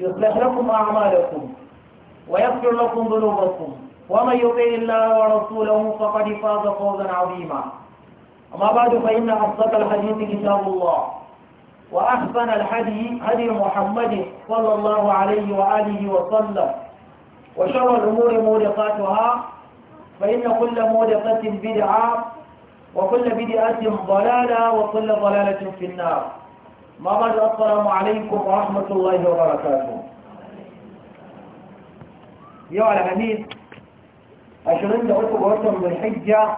يصلح لكم أعمالكم ويغفر لكم ذنوبكم ومن يطع الله ورسوله فقد فاز فوزا عظيما أما بعد فإن أصدق الحديث كتاب الله وأحسن الحدي هدي محمد صلى الله عليه وآله وسلم وشر الأمور مورقاتها فإن كل مورقة بدعة وكل بدعة ضلالة وكل ضلالة في النار ما بعد السلام عليكم ورحمة الله وبركاته يوم الحديث عشرين دقيقة وقتم بالحجة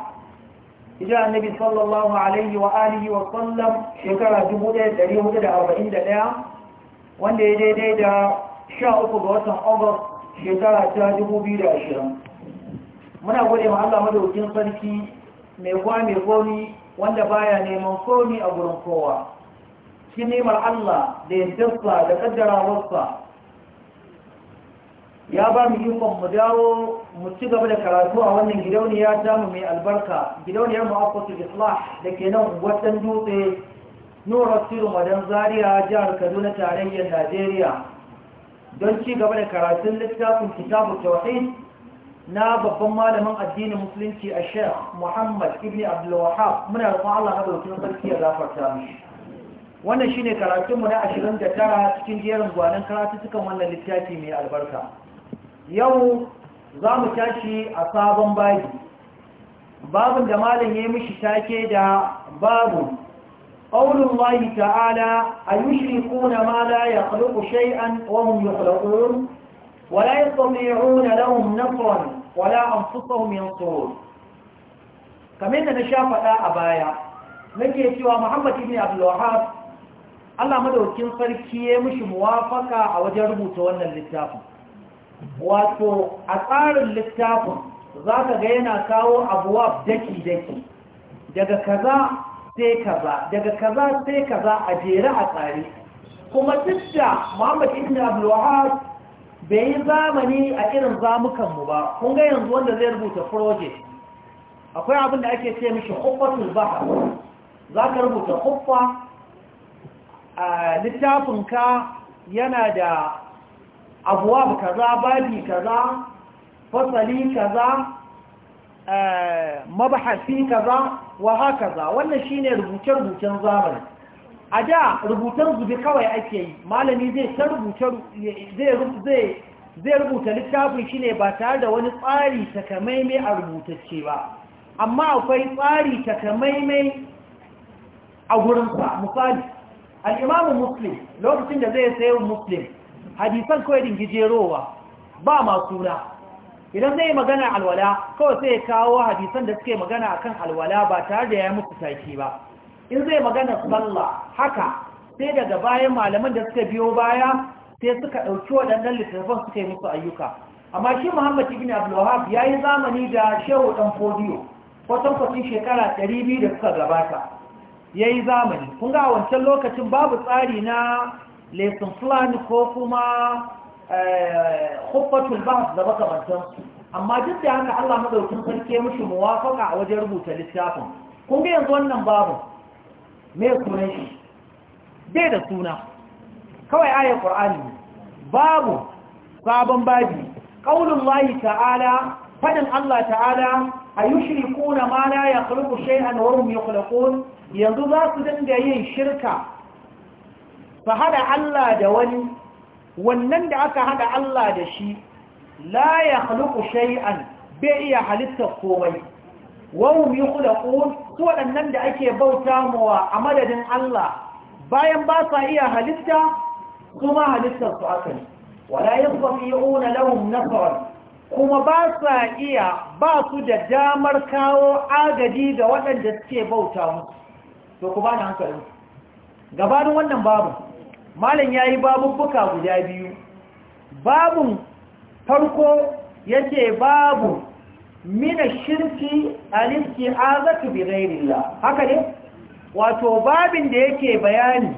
إجاء النبي صلى الله عليه وآله وسلم شكرا جمهورة دريه دا أربعين دقيقة وان دي دي دي دا شاء أقوى وقتم أغرب شكرا تاجبوا بي دا عشرين من أقول إما الله مدعو جنصر كي ميقوى ميقوني وان دا بايا نيمان كوني أبرن كوا shi neman Allah da yantarsa da kaddarawarsa ya ba mu ikon mu dawo mu ci gaba da karatu a wannan gidauniya ta mu mai albarka gidauniyar mu'affatul islah da ke nan watan dutse nura sirri wadan zaria jihar kaduna tarayyar najeriya don ci gaba da karatun littafin kitabu tawhid na babban malamin addinin musulunci a sheikh muhammad ibn abdulwahab muna roƙon allah na sarki ya zafarta mishi wannan shi ne karatunmu na 29 cikin jerin gwanin karatutukan wannan littafi mai albarka yau za mu tashi a sabon babi babin da malin ya yi mishi take da babu ƙaunin wahi ta'ala a yi shiri kuna ma la ya kuluku shay'an wahun ya kulakun wala ya tsammiru na lahun nafon wala an fusa min tsoro kamar da na sha faɗa a baya nake cewa Muhammadu ibn Abdullahi. Allah madaukin sarki ya mishi muwafaka a wajen rubuta wannan littafin wato a tsarin littafin za ka ga yana kawo abuwa daki-daki daga kaza sai kaza daga kaza sai kaza a jere a tsari kuma duk da muhammad ibn abdullahab bai yi zamani a irin zamukanmu ba kun ga yanzu wanda zai rubuta project akwai abin da ake ce mishi hukwatul bahar za ka rubuta hukwa littafinka yana da abuwa kaza babi kaza fasali kaza e, mabahasi kaza wa kaza wannan shine rubuce-rubucen zamani a da rubutan zube kawai ake yi malami zai rubuta littafin shine ba tare da wani tsari takamaimai a rubutacce ba amma akwai tsari takamaimai a gurinsa misali al'imamu muslim lokacin da zai sayo muslim hadisan kawai gijerowa ba ma suna idan zai magana alwala kawai sai kawo hadisan da suke magana akan alwala ba tare da ya musu taiki ba in zai magana sallah haka sai daga bayan malaman da suka biyo baya sai suka ɗauki waɗannan littattafan suka yi musu ayyuka amma shi muhammad ibn abdullahab ya yi zamani da shehu ɗan fodiyo kwatankwacin shekara biyu da suka gabata ya yi zamani kun ga wancan lokacin babu tsari na lesson Fulani ko kuma eh, ba su da makamantansu amma duk da haka Allah madaukin sarki mushi muwafaka a wajen rubuta littafin kun ga yanzu wannan babu mai sunan shi bai da suna kawai ayar qur'ani babu sabon babi ƙaunin lahi ta'ala fadin Allah ta'ala a yi shirikuna ma la ya shay'an wa hum yukhlaqun yanzu za su dinga yin shirka fa hada Allah da wani wannan da aka hada Allah da shi la ya shay'an bai iya halitta komai wa hum yukhlaqun su waɗannan da ake bauta mawa a madadin Allah bayan ba sa iya halitta kuma halittar su aka ne wala yasfi'una lahum nasran kuma ba sa iya ba su da damar kawo agaji ga waɗanda suke bauta musu to ku ba na hankali gabanin wannan babu malam ya yi babubbuka guda biyu babun farko ya ce babu mina shirki aliski azatu bi ghairillah haka ne wato babin da yake bayani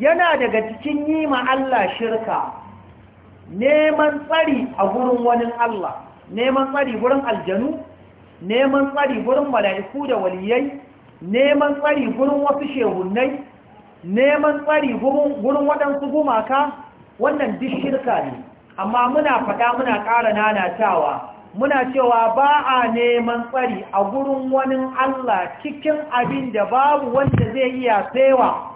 yana daga cikin yi Allah shirka neman tsari a gurin wani Allah neman tsari gurin aljanu neman tsari gurin mala'iku da waliyai neman tsari gurin wasu shehunai neman tsari gurin waɗansu gumaka wannan duk shirka ne amma muna faɗa muna ƙara nanatawa muna cewa ba a neman tsari a gurin wani Allah cikin abin da babu wanda zai iya tsewa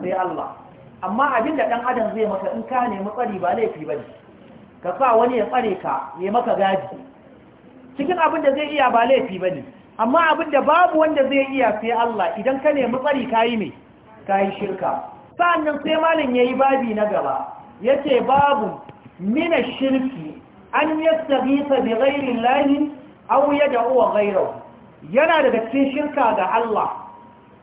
sai Allah amma abin da ɗan adam zai maka in ka nemi tsari ba laifi ba ne ka sa wani ya tsare ka ya maka gadi cikin abin da zai iya ba laifi ba ne amma abin da babu wanda zai iya sai Allah idan ka nemi tsari ka yi mai ka yi shirka sa'annan sai malin ya yi babi na gaba ya ce babu mina shirki an yastagisa bi ghairin lahin da uwa ghayrahu yana daga cikin shirka ga Allah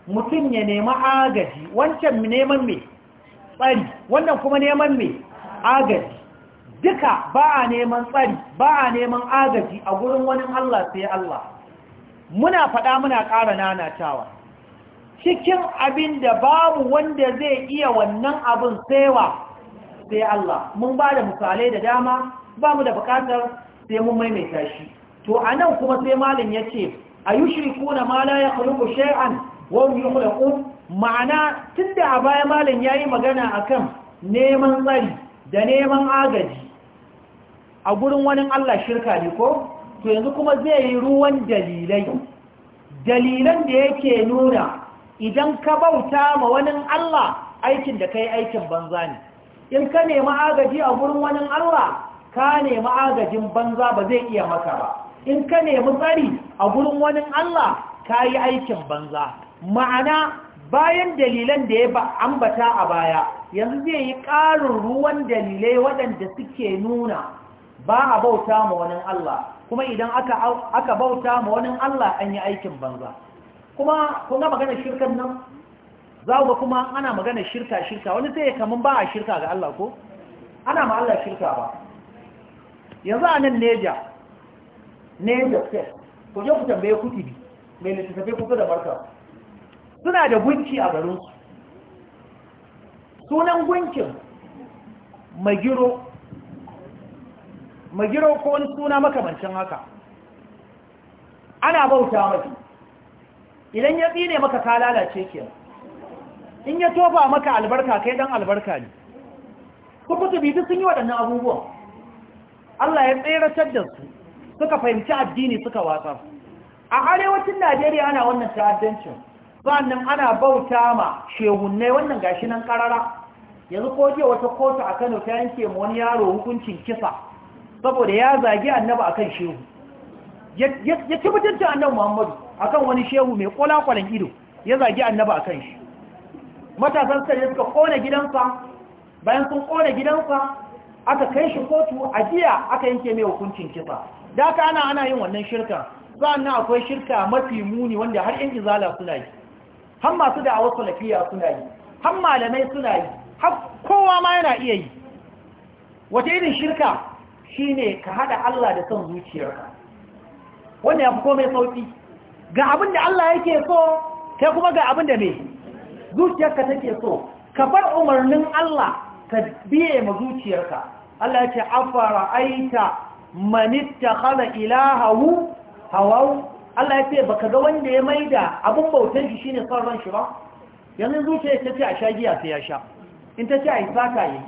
mutum ya nemi agaji wancan neman mai tsari wannan kuma neman mai agaji duka ba a neman tsari ba a neman agaji a gurin wani Allah sai Allah muna faɗa muna ƙara nana nanatawa cikin abin da babu wanda zai iya wannan abin saiwa sai Allah mun ba da misalai da dama ba mu da buƙatar sai mun maimaita shi to a nan kuma sai malin ya ce a yi shirku na ma la ya kuluku shay'an wani yukhlaqun ma'ana tun da a baya malam yi magana akan neman tsari da neman agaji a gurin wani Allah shirka ne ko to yanzu kuma zai yi ruwan dalilai dalilan da yake nuna idan ka bauta ma wani Allah aikin da kai aikin banza ne in ka nemi agaji a gurin wani Allah ka nemi agajin banza ba zai iya maka ba in ka nemi tsari a gurin wani Allah ka yi aikin banza ma'ana bayan dalilan da ya ambata a baya yanzu zai yi ƙarin ruwan dalilai waɗanda suke nuna ba a bauta ma wani Allah kuma idan aka bauta ma wani Allah an yi aikin banza kuma kun ga maganar nan za ga kuma ana maganar shirka shirka wani sai kamun ba a shirka ga Allah ko ana ma Allah shirka ba yanzu a nan neja neja state ku je ku tambaye kuɗi mai littattafai kuka da marka suna da gunki a garinsu sunan gunkin magiro magiro ko wani suna makamancin haka ana bauta mafi idan ya tsine maka ka lalace ke in ya tofa maka albarka kai dan albarka ne kukutu biyu sun yi waɗannan abubuwan Allah ya tseratar da su suka fahimci addini suka watsa a arewacin najeriya ana wannan ta'addancin sannan ana bauta ma shehunne wannan gashi nan karara yanzu ko je wata kotu a Kano ta yanke mu wani yaro hukuncin kisa saboda ya zagi annabi akan shehu ya ci annabi Muhammadu akan wani shehu mai kwalakwalan ido ya zagi annaba akan shi matasan sai suka kona gidansa bayan sun kona gidansa aka kai shi kotu a jiya aka yanke mai hukuncin kisa da ana ana yin wannan shirka sannan akwai shirka mafi muni wanda har yan izala suna yi har masu da wasu salafiya suna yi har malamai suna yi har kowa ma yana iya yi wata irin shirka shi ne ka haɗa Allah da son zuciyarka wanda ya fi komai sauƙi. ga abin da Allah yake so kai kuma ga abin da me zuciyarka take so ka bar umarnin Allah ka biye ma zuciyarka Allah ya ce afara aita man ilaha ilahahu hawau Allah ya ce ka ga wanda ya maida abin bautar shi shine son ran shi ba yanzu zuciya ta ce a sha giya sai ya sha in ta ce a yi sata yi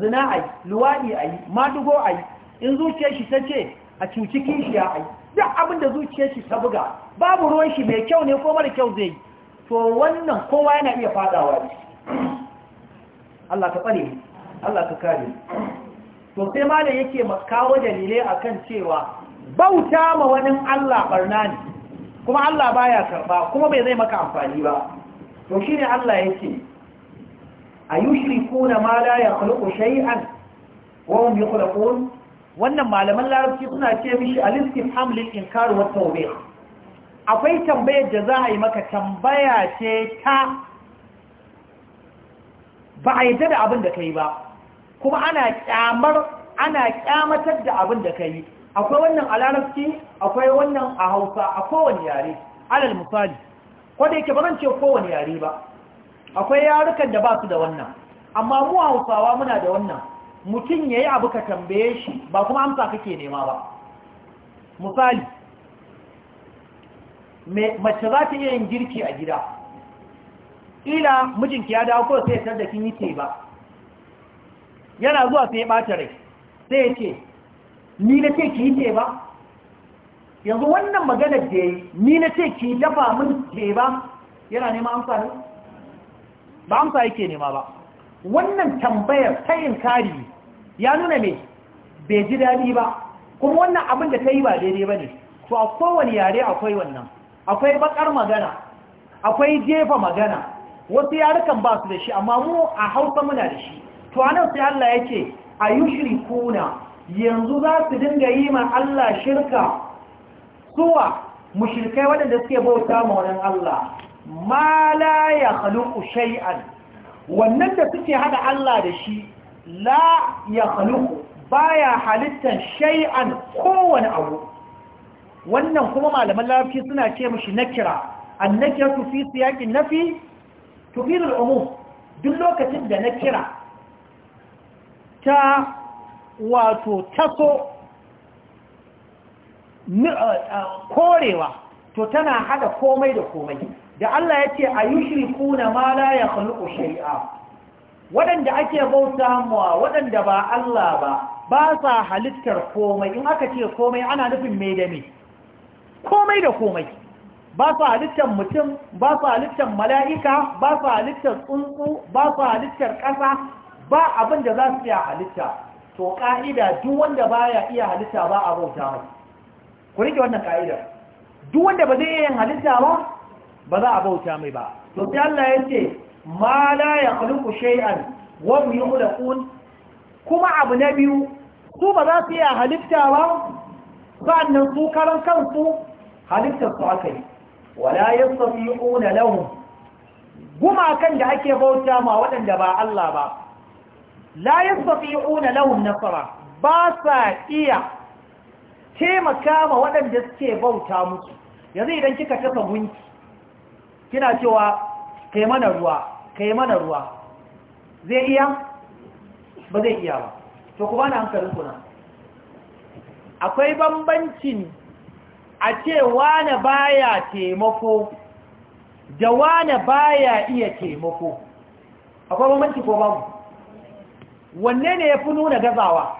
zina a yi luwaɗi a yi madugo a yi in zuciyar shi ta ce a cuci ya a yi duk abin da zuciyar shi ta buga babu ruwan shi mai kyau ne ko mara kyau zai yi to wannan kowa yana iya fadawa ne Allah ka tsare Allah ka kare to sai malam yake kawo dalilai akan cewa bauta ma wani Allah barna ne kuma Allah baya karba kuma bai zai maka amfani ba to shine Allah yake ayushrikuna ma la yakhluqu shay'an wa hum yakhluqun wannan malaman larabci suna ce mishi al-istifham lil inkar wa tawbih akwai tambayar da za a yi maka tambaya ce ta ba a yadda da abin da kai ba kuma ana kyamar ana kyamatar da abin da kai akwai wannan a larabci akwai wannan a hausa a kowane yare alal misali ko da yake baran ce kowane yare ba akwai yarukan da ba su da wannan amma mu hausawa muna da wannan mutum ya yi abu ka tambaye shi ba kuma amsa kake nema ba misali mace za ta iya yin girki a gida ila mijinki ya dawo ko sai ya tar da kin yi ce ba yana zuwa sai ya ɓata rai sai ya ce ni na ce ki yi ba? yanzu wannan maganar da yi ni na ce ki dafa min ba? yana nema amsa ne ba amsa yake nema ba wannan tambayar ta yin kari ya nuna me bai ji daɗi ba kuma wannan abin da ta yi ba daidai ba ne to a kowane yare akwai wannan akwai bakar magana akwai jefa magana wasu yarukan ba su da shi amma mu a hausa muna da shi to anan sai Allah yake ce a yushri kuna yanzu za su dinga yi ma Allah shirka suwa mushirkai waɗanda suke bauta ma wani Allah ma la ya haluku shay'an wannan da suke hada Allah da shi la ya haluku baya halittar shay'an kowane abu wannan kuma malaman lafi suna ce mushi nakira annakiratu fi siyaqin nafi tufidul umum duk lokacin da nakira ta wato taso korewa to tana hada komai da komai da Allah ya ce a yi ma la ya khuluqu shay'a waɗanda ake bauta muwa waɗanda ba Allah ba ba sa halittar komai in aka ce komai ana nufin mai da me komai da komai ba sa halittar mutum ba sa halittar mala'ika ba sa halittar tsuntsu ba sa halittar ƙasa ba abinda da za su iya halitta to ka'ida duk wanda baya iya halitta ba a bauta mai ku rike wannan ka'ida duk wanda ba zai iya halitta ba ba za a bauta mai ba to ta Allah ya ce ma la yakhluqu shay'an wa hum yukhlaqun kuma abu na biyu su ba za su iya halitta ba sa'annan su karan kansu Halitta su aka yi wala yastati'una lahum gumakan da ake bauta ma waɗanda ba Allah ba la yastati'una lahum nasara ba sa iya taimaka ma waɗanda suke bauta musu yanzu idan kika tafa gunki kina cewa kai mana ruwa kai mana ruwa zai iya ba zai iya ba to kuma na hankalin kuna akwai bambancin a ce wane baya taimako da wane baya iya taimako akwai bambanci ko babu wanne ne ya fi nuna gazawa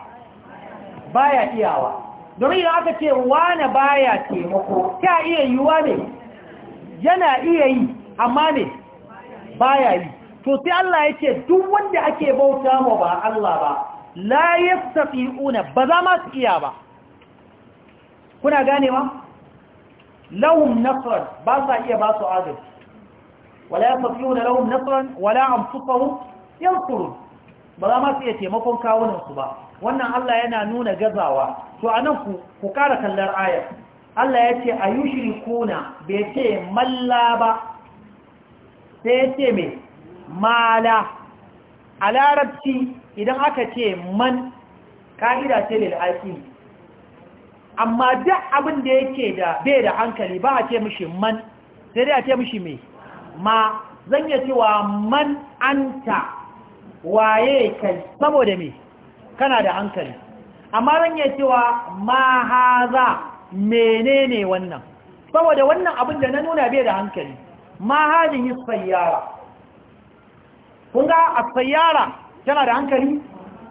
baya iyawa domin idan aka ce wane baya taimako ta iya wa ne yana iya yi amma ne baya yi to sai Allah ya ce duk wanda ake bauta ma ba Allah ba la yastati'una ba za ma su iya ba kuna gane ma? lahum nasran ba za iya ba su agaji wala yastati'una lahum nasran wala anfusahum yansurun ba za ma su iya taimakon su ba wannan Allah yana nuna gazawa to a nan ku ƙara kallar ayar Allah ya ce a yi kuna bai ce malla ba sai ya ce mai mala a larabci idan aka ce man ka'ida ce lil'aƙi amma duk abin da yake da bai da hankali ba a ce mishi man sai dai a ce mishi mai ma zan yi cewa man anta waye kai saboda me kana da hankali amma ran ya cewa ma haza menene wannan saboda wannan abin da na nuna bai da hankali ma hadin yi sayyara kun ga a sayyara tana da hankali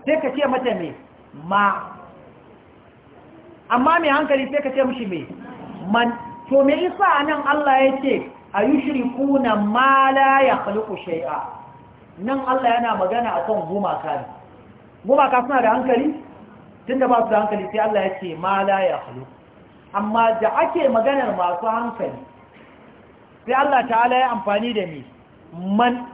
sai ka ce mata me ma amma mai hankali sai ka ce mishi me man to me yasa nan Allah ya ce a yi ma la ya khaliqu shay'a nan Allah yana magana a kan gumaka ne gumaka suna da hankali tunda ba su da hankali sai Allah ya ce ma la ya halu amma da ake maganar masu hankali sai Allah ta'ala ya amfani da me man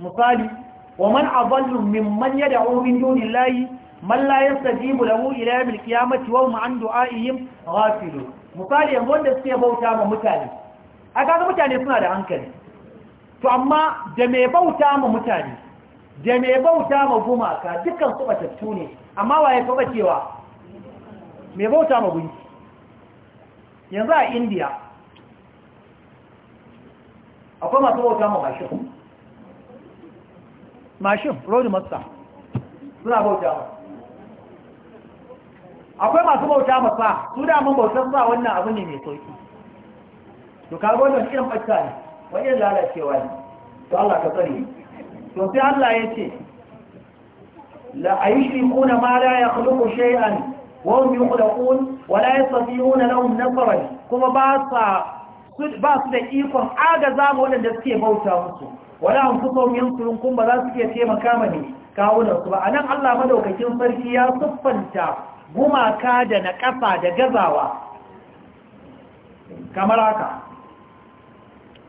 misali wa man adallu mimman yad'u min dunillahi man la yastajibu lahu ila yawmil qiyamati wa hum an du'a'ihim ghafilun misali yanzu wanda suke bauta ma mutane a ga mutane suna da hankali to amma da mai bauta ma mutane da mai bauta ma gumaka dukkan su batattu ne amma waye fa bacewa mai bauta ma gunki yanzu a indiya akwai masu bauta ma mashin mashin road master suna bauta ma akwai masu bauta ma sa su da bautar sa wannan abu ne mai sauki to kaga wannan irin bacca ne wajen lalacewa ne to Allah ka tsare to sai Allah ya ce la ayyukuna ma la yakhluqu shay'an wa hum yukhlaqun wa la yastati'una lahum nasran kuma ba sa ba su da ikon agaza ma waɗanda suke bauta musu wala an kusa min surun kun ba za su iya taimaka ma ne kawunan su ba a nan Allah madaukakin sarki ya siffanta gumaka da na ƙasa da gazawa kamar haka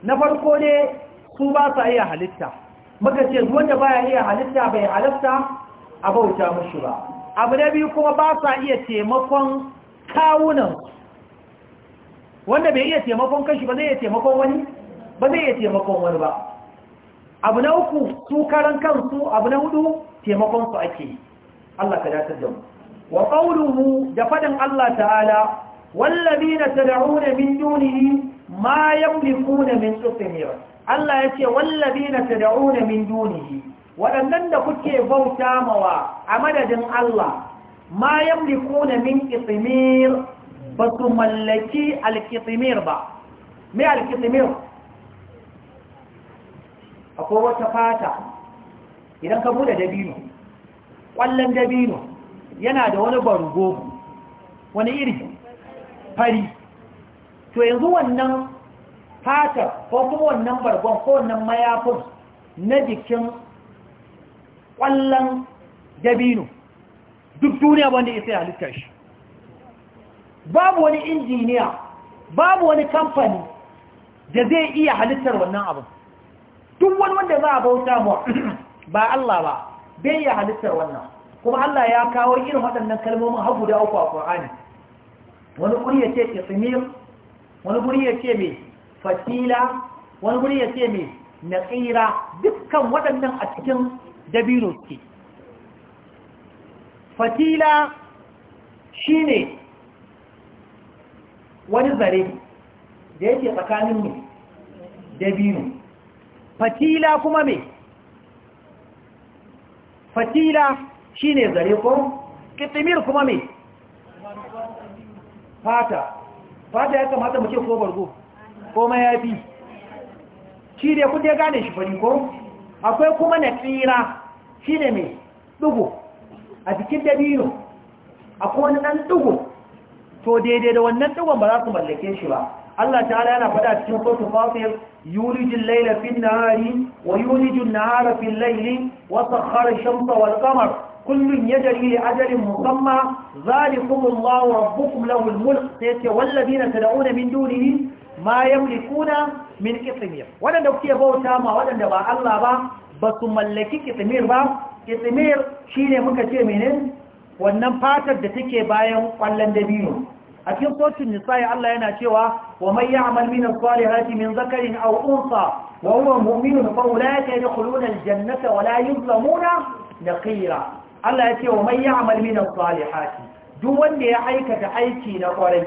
na farko ne su ba sa iya halitta muka ce wanda baya iya halitta bai halitta a bauta mushi ba abu na biyu kuma ba sa iya taimakon kawunan wanda bai iya taimakon kanshi ba zai iya taimakon wani ba zai iya taimakon wani ba abu na uku su karan kansu abu na hudu taimakon su ake Allah ka dace da mu wa qawluhu da fadin Allah ta'ala wallazina tad'una min dunihi ma na min tsufin Allah ya ce wallazina na min dunihi waɗannan da kuke bauta mawa a madadin Allah ma na min qitmir ba su mallaki Alkisimir ba me alqitmir akwai wata fata idan ka bude dabino ƙwallon dabino yana da wani bargo wani iri fari to yanzu wannan fatar ko kuma wannan bargon ko wannan mayafin na jikin ƙwallon dabino duk duniya wanda isa halitta shi babu wani injiniya babu wani kamfani da zai iya halittar wannan abin duk wani wanda za a bauta mu ba Allah ba bai iya halittar wannan kuma Allah ya kawo irin waɗannan kalmomin hagu da uku a Qur'ani wani ƙuri ya ce ismir wani guri ya ce mai fatila wani guri ya ce mai naƙira dukkan waɗannan a cikin dabino suke fatila shi ne wani zare da yake tsakanin mai dabino fatila kuma mai fatila shi ne zare ko ƙitimir kuma mai fata fata ya kamata mace ko bargo ko mayafi shi dai kun dai gane shi fari ko akwai kuma na tsira shi ne mai dugu a cikin dabino akwai wani ɗan dugu to daidai da wannan dugun ba za su mallake shi ba Allah ta'ala yana faɗa cikin sautin fatir yulijin laila fin nahari wa yulijin nahara fin laili wa sakhara shamsa wal qamar kullum ya jari da ajalin musamma zalikum Allah rabbukum lahul mulk sai ce wallazina tad'una min dunihi ma yamlikuna min qitmir wadanda kuke bauta ma waɗanda ba Allah ba ba su mallaki qitmir ba qitmir shine muka ce menene wannan fatar da take bayan kwallon dabino a cikin sautin nisa'i Allah yana cewa wa man ya'mal min as-salihati min zakarin aw unsa wa huwa mu'minun fa ulaika yadkhuluna al-jannata wa la yuzlamuna kira. Allah ya ce wa man ya'mal min as-salihati duk wanda ya aikata aiki na kwarai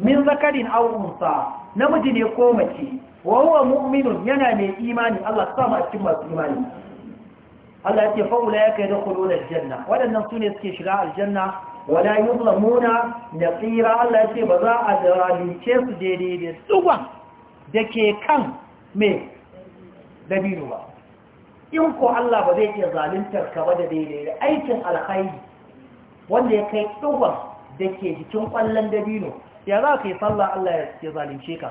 min zakarin aw namiji ne ko mace wa huwa mu'minun yana mai imani Allah ya sa a cikin masu imani Allah ya ce fa ulaika yadkhuluna al-janna su sune suke shiga aljanna wala yuzlamuna tsira Allah ya ce ba za a zalunce su daidai da da dake kan mai dabino ba in ko Allah ba zai ke zaluntar ka ba da daidai da aikin alkhairi wanda ya kai tsohon da ke jikin kwallon dabino ya za ka yi sallah Allah ya zalunce ka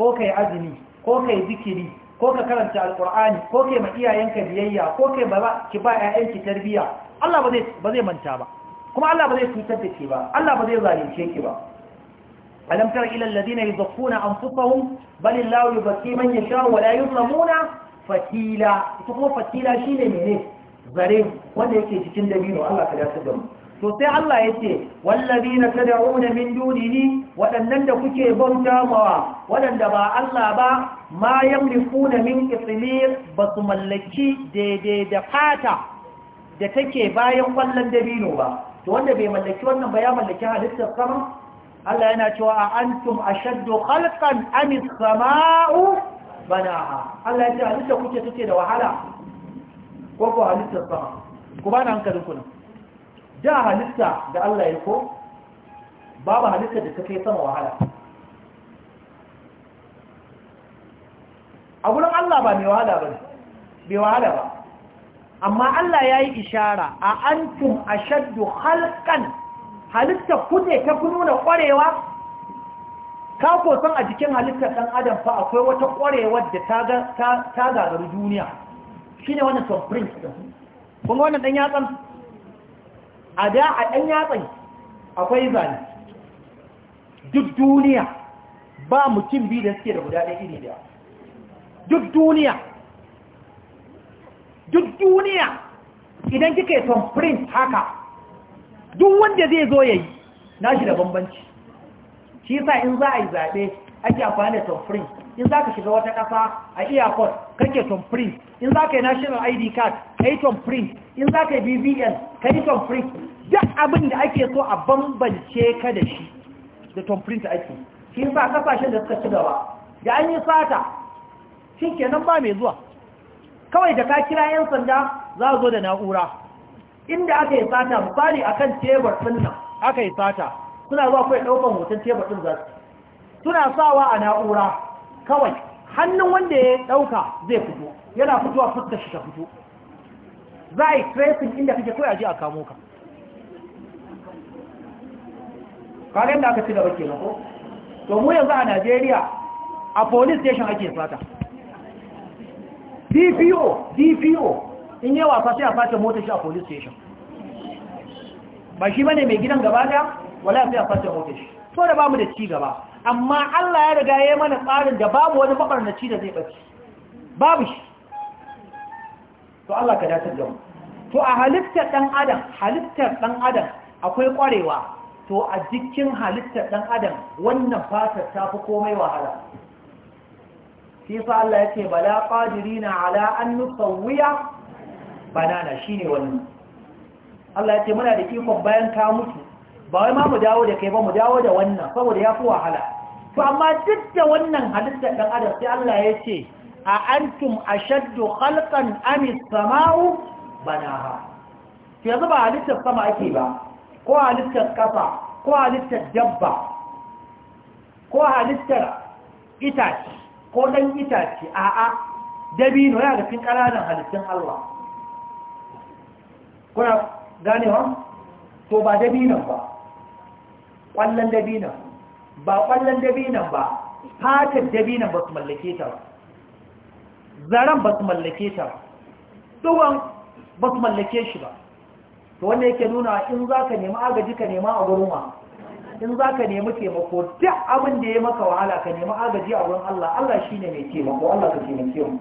ko ka yi azumi ko ka yi zikiri ko ka karanta alkur'ani ko kai ma iyayenka biyayya ko kai ba ki ba 'ya'yanki tarbiyya Allah ba zai manta ba kuma Allah ba zai cutar da ke ba Allah ba zai zalunce ki ba alam tara ila alladhina yuzakkuna anfusahum bal illahu yuzakki man yasha wa la yuzlamuna fatila ita kuma fatila shine mene zare wanda yake cikin dabino Allah ka dace da mu to sai Allah yace wallazina tad'una min dunihi wadannan da kuke bauta mawa wadanda ba Allah ba ma yamlikuna min qitlir basu mallaki daidai da fata da take bayan kwallon dabino ba to wanda bai mallaki wannan ba ya mallaki halittar sama Allah yana cewa a antum ashaddu khalqan amis sama'u bana Allah ya ce halitta kuke take da wahala ko ko halitta sama ku bana hankalin ku nan da halitta da Allah ya ko babu halitta da take sama wahala a gurin Allah ba mai wahala ba bai wahala ba amma Allah ya yi ishara a antum ashaddu halkan halitta kuke ta fi nuna kwarewa ka ko san a jikin halittar dan adam fa akwai wata ƙwarewar da ta gagaru duniya shine wannan thumbprint din Kuma wannan ɗan yatsan a da a ɗan yatsan akwai zane duk duniya ba mutum biyu da suke da guda ɗaya iri da duk duniya duk duniya idan kike son prince haka duk wanda zai zo ya yi nashi da bambanci shi yasa in za a yi zaɓe ake amfani da tom tamfirin in za ka shiga wata ƙasa a airport kake tamfirin in za ka yi national id card ka yi tom tamfirin in za ka yi bbn ka yi tom tamfirin duk abin da ake so a bambance ka da shi da tom ta ake shi yasa ƙasashen da suka ci gaba da an yi sata shi kenan ba mai zuwa kawai da ka kira 'yan sanda za a zo da na'ura inda aka yi sata misali akan tebur ɗin aka yi sata suna zuwa kai daukan hoton tebur ɗin za su suna sawa a na'ura kawai hannun wanda ya ɗauka zai fito yana fitowa fuskar shi ta fito za a yi tracing inda kake kawai a ji a kamo ka kagen da aka ci gaba ke ko to mu yanzu a najeriya a police station ake fata dpo dpo in yi wasa sai a fata motar shi a police station ba shi bane mai gidan gaba wala sai a fata motar shi da bamu da ci gaba amma Allah ya riga ya mana tsarin da babu wani mabarnaci da zai bace babu shi to Allah ka dace da mu to a halittar dan adam halittar dan adam akwai kwarewa to a jikin halittar dan adam wannan fatar ta fi komai wahala sai fa Allah yake bala qadirina ala an nusawwiya banana shine wannan Allah ya ce muna da ikon bayan ka mutu ba wai ma mu dawo da kai ba mu dawo da wannan saboda ya fi wahala to amma duk da wannan halitta ɗan adam sai Allah ya ce a antum ashaddu khalqan am as-sama'u banaha to yanzu ba halittar sama ake ba ko halittar kafa ko halittar dabba ko halittar itace ko dan itace a'a dabino ya ga cikin ƙananan halittun Allah kuna ganewa to ba dabinan ba ƙwallon dabinan ba ƙwallon dabinan ba fatar dabinan ba su mallake ta zaren ba su mallake ta ba ba su mallake shi ba to wanda yake nuna in za ka nemi agaji ka nema a gurin wa in za ka nemi taimako duk abin da ya maka wahala ka nemi agaji a wurin Allah Allah shi ne mai taimako Allah ka taimake mu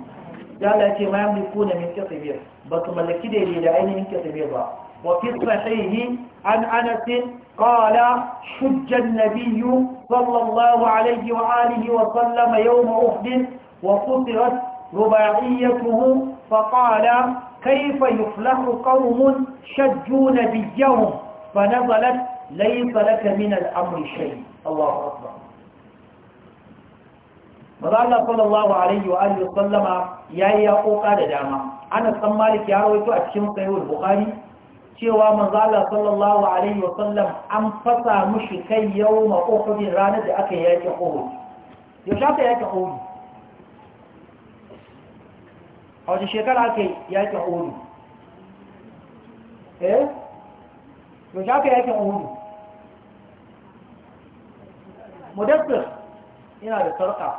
da Allah ce ma yamliku na min kasabiyar ba su mallaki da da ainihin kasabiyar ba wa fi sahihi an anasin قال شج النبي صلى الله عليه وآله وسلم يوم أحد وفطرت رباعيته فقال كيف يفلح قوم شجوا نبيهم فنزلت ليس لك من الأمر شيء الله أكبر فقال صلى الله عليه وآله وسلم يا يا أوقا دجاما أنا صلى الله عليه وآله وسلم أتشمك يقول البخاري cewa manzala sallallahu alaihi wa sallam an fasa mushi kai yau ma ranar da aka yaƙi ƙohuri yau shafa yake ƙohuri a wajen shekara aka yake ƙohuri eh yau shafa yake ƙohuri mudassir yana da sarƙa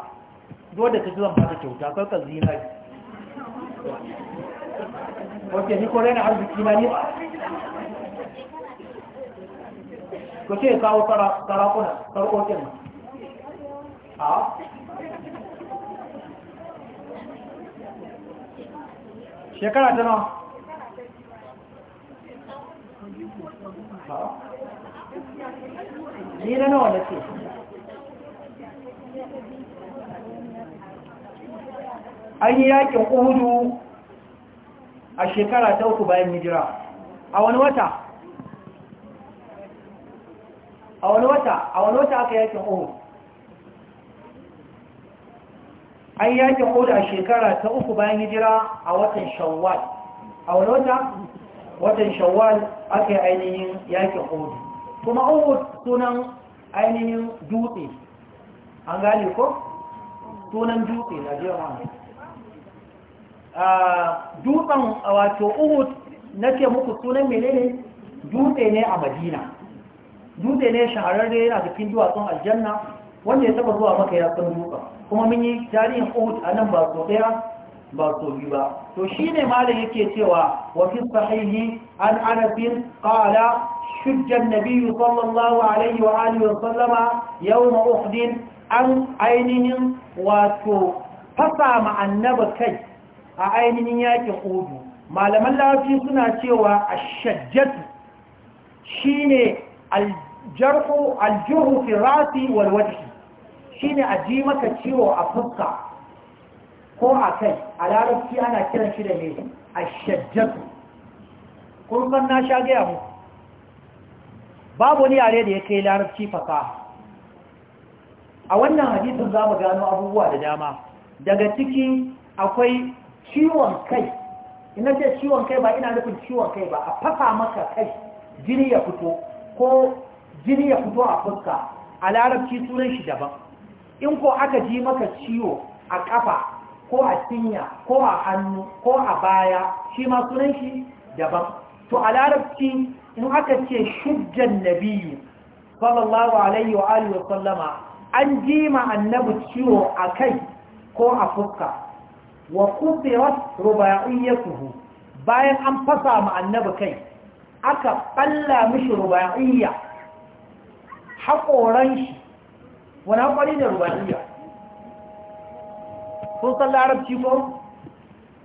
dole ta zuwa ba ta kyauta sarkar zinari wace ni ko raina arziki na ne ko ce kawo sarakuna sarkokin a shekara ta nawa ni na nawa na ce an yi yakin uhudu a shekara ta uku bayan hijira a wani wata a wani wata a wani wata aka yakin uhud an yakin uhud a shekara ta uku bayan hijira a watan shawwal a wani wata watan shawwal aka yi ainihin yakin uhud kuma uhud sunan ainihin dutse an gane ko sunan dutse na jiya dutsen wato uhud na ke muku sunan menene dutse ne a madina dutse ne shahararre yana cikin duwatsun aljanna wanda ya taba zuwa maka ya san dutsen kuma mun yi tarihin uhud a nan ba so daya ba so biyu ba to shi ne malam yake cewa wa fi sahihi an anafin qala shujja nabiyyu nabiy sallallahu alaihi wa alihi wa sallama yawm uhud an ainihin wato fasa ma annaba kai a ainihin yakin udu malaman lafi suna cewa ashajjatu shine aljarhu firafi fi walwaci shi ne shine ji maka ciwo a fuska ko a kai a larabci ana kiran shi da ne a kurban na sha gaya muku babu wani yare da ya kai larabci fasaha a wannan hadisin za mu gano abubuwa da dama daga ciki akwai ciwon kai ina ce ciwon kai ba ina nufin ciwon kai ba a fasa maka kai jini ya fito ko jini ya fito a fuska a larabci sunan shi daban in ko aka ji maka ciwo a kafa ko a cinya ko a hannu ko a baya shi ma sunan shi daban to a larabci in aka ce shujjan nabiyu sallallahu alaihi wa alihi wa sallama an ji ma annabi ciwo a kai ko a fuska wa kubirat ruba'iyyatuhu bayan an fasa ma annabi kai aka balla mishi ruba'iyya haƙoran shi wani haƙori ne ruba'iyya sun san larabci ko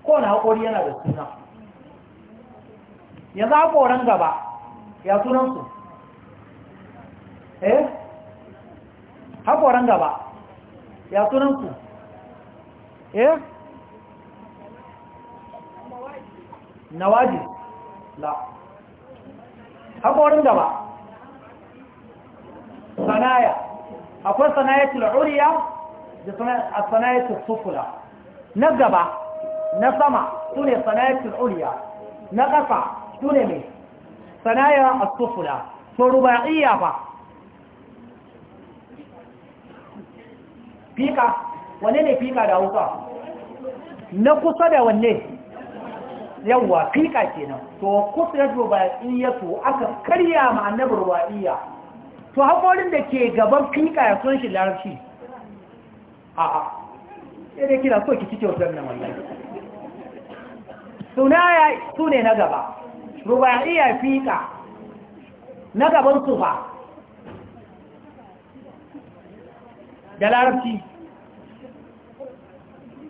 kowane haƙori yana da suna yanzu haƙoran gaba ya sunansu eh haƙoran gaba ya sunansu eh nawajis la haƙorin gaba sanaya akwai sanayatul uriya da sanayatul sufula na gaba na sama su ne sanayatul uriya na ƙasa su ne mai sanaya a sufula to rubaiya ba fika wane ne fika da hausa na kusa da wanne yawwa fiƙa kenan to ya to aka karya ma annabi ruwaiya to haƙorin da ke gaban fiƙa ya son shi larabci a a sai dai kira so ki ci kyautar nan wallahi sunaya su ne na gaba rubaiyya fiƙa na gaban fa? da larabci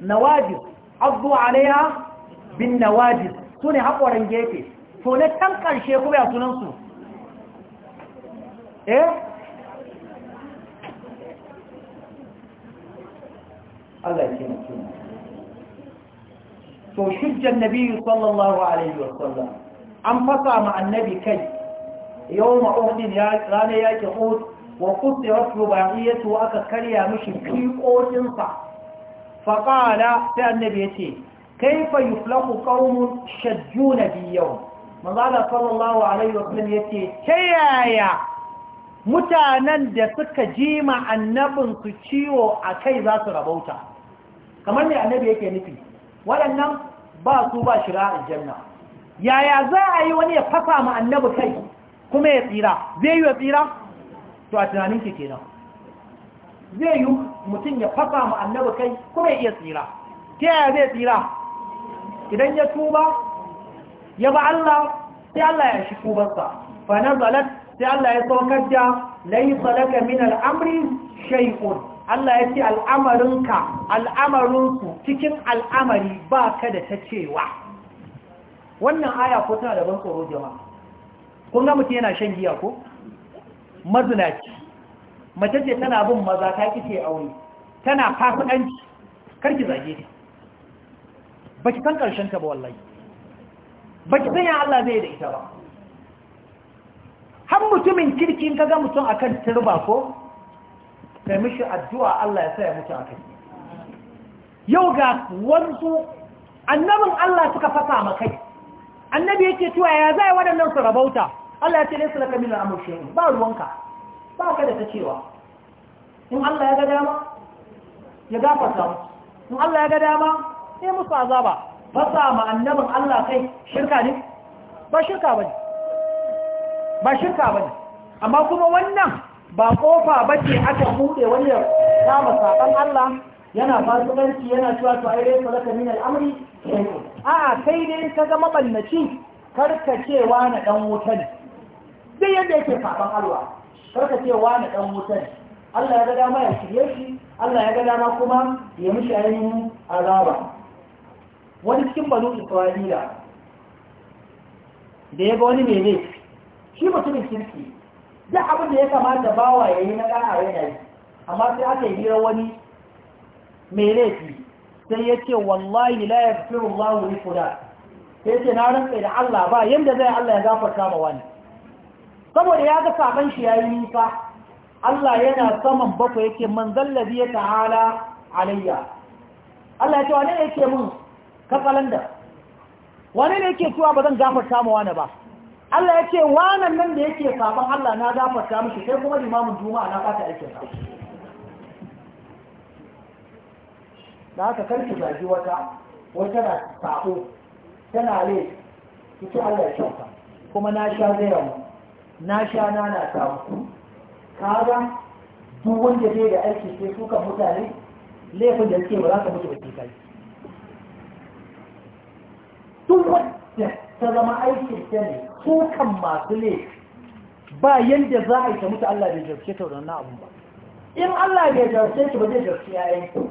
nawajib abu alaiha bin nawajis su ne haƙoran gefe to na can ƙarshe kuma ya sunansu eh Allah ya taimake mu to shujjan nabiyyu sallallahu alaihi wasallam an fasa ma annabi kai yawma uhdin ya rana yake uhd wa qusirat rubaiyatu aka karya mishi fiqotin sa fa qala sai annabi yace kaifa yuflaku qaumun shajjuna bi yawm manzala sallallahu alaihi wasallam yace ta yaya mutanen da suka jima annabin su ciwo kai za su rabauta kamar ne annabi yake nufi waɗannan ba su ba shira janna. yaya za a yi wani ya fasa ma annabi kai kuma ya tsira zai yi ya tsira to a tunanin ke kenan zai yi mutum ya fasa ma annabi kai kuma ya iya tsira ta yaya zai tsira idan ya tuba ya ba Allah sai Allah ya shi tubarsa fa nazalat sai Allah ya saukar da lai laka min al'amri Allah ya ce al'amarinka al'amarinku cikin al'amari ba ka da ta cewa wannan aya ko tana da ban tsoro jama'a kun ga mutum yana shan giya ko mazinaci mace ce tana bin maza ta kike aure tana fasikanci karki zage ta ba ki san ƙarshen ta ba wallahi ba ki san ya Allah zai da ita ba har mutumin kirki ka ga mutum akan turba ko kai mishi addu'a Allah ya saya mutu akan yau ga wanzu annabin Allah suka fasa makai annabi yake tuwa ya zai waɗannan su rabauta Allah ya ce laysa laka min al-amr shay'un ba ruwanka ba ka da ta cewa in Allah ya ga dama ya gafarta in Allah ya ga dama sai musu azaba fasa ma annabin Allah kai shirka ne ba shirka bane ba shirka bane amma kuma wannan ba kofa bace aka bude wanda kama sabon Allah yana fasikanci yana cewa to ai rai salaka min al'amri a'a kai dai ka ga maballaci karka cewa na dan wuta ne sai yadda yake saban Allah karka cewa na dan wuta ne Allah ya ga dama ya shirye shi Allah ya ga dama kuma ya mishi ainihin azaba wani cikin banu isra'ila da ya ga wani mene shi mutumin kirki duk abin da ya kamata bawa ya yi na ɗana yana yi amma sai aka yi hira wani mene fi sai ya ce wallahi la ya fi Allah wuri kuda sai ce na rantsa da Allah ba yadda zai Allah ya gafarta ma wani saboda ya ga saban shi ya yi nisa Allah yana saman bakwai yake man zallabi ya ta'ala alayya Allah ya ce wani ne yake mun katsalanda wani ne yake cewa ba zan gafarta ma wani ba Allah ya ce wanan nan da yake saban Allah na gafarta mishi sai kuma limamin juma'a na fata aikin sa da haka karki gaji wata wata na sako tana le kici Allah ya shafa kuma na sha zai na sha na na samu kaga duk wanda zai da aiki sai suka mutane laifin da suke ba za ka mutu ba kai duk wadda ta zama aikin ta ne kan masu ne ba yadda za a yi ta mutu Allah bai jarfe ta wannan abu ba in Allah bai jarfe ta ba zai ya yayin ku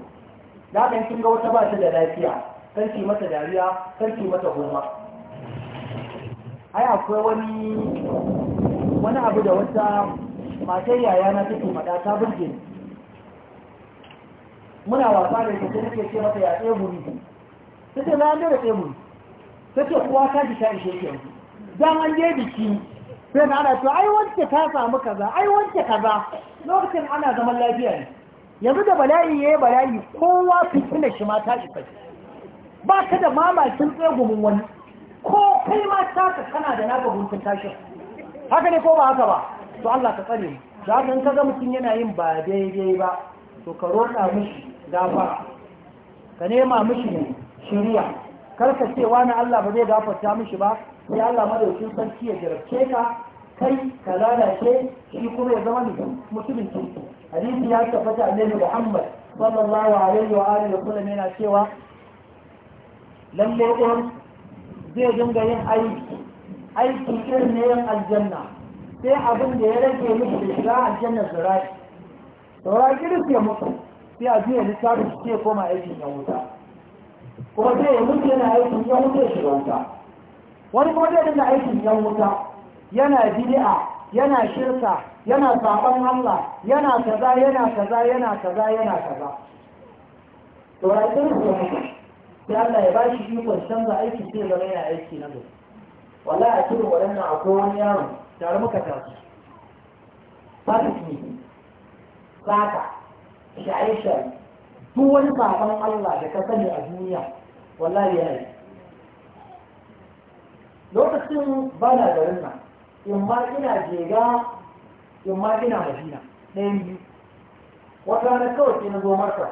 da haka kin ga wata ba ta da lafiya karki mata dariya karki mata goma ai akwai wani wani abu da wata matar yaya na take mada ta burge ni muna wasa da ita sai nake ce mata ya tsaye buri sai ce na da tsaye buri sai ce kuwa ta ji ta shi ke yanzu don an je biki sai na ana to ai wacce ta samu kaza ai wanke kaza lokacin ana zaman lafiya ne yanzu da bala'i ya yi bala'i kowa fitina shi ma ta kai ba ka da mamakin tsegumin wani ko kai ma taka kana da naka guntun tashin haka ne ko ba haka ba to Allah ka tsare mu da haka in ga mutum yana yin ba daidai ba to ka roƙa mishi gafara ka nema mishi shari'a karka ce wani Allah ba zai gafarta mishi ba sai Allah madaukin sarki ya jarabce ka kai ka lalace shi kuma ya zama mutumin kirki hadisi ya tabbata annabi Muhammad sallallahu alaihi wa alihi wa sallam yana cewa lalle ɗan zai dinga yin aiki aiki irin ne yin aljanna sai abin da ya rage mishi da shiga aljanna zuraki sauraki duk ya mutu sai a biya littafin shi ke koma aikin ya wuta kuma sai ya mutu yana aikin yan wuta ya shiga wuta wani kuma zai dinga aikin yan wuta yana bid'a yana shirka yana saban Allah yana kaza yana kaza yana kaza yana kaza to ya tsaya ko sai Allah ya bashi shi ikon canza aiki sai zama yana aiki na gaba wallahi a cikin waɗannan akwai wani yaro tare muka tafi. fasiki saka shaye duk wani baban Allah da ka sani a duniya wallahi yana yi lokacin ba na garin nan in ma ina jega in ma ina madina ɗayan biyu wata na kawai ke na zo marka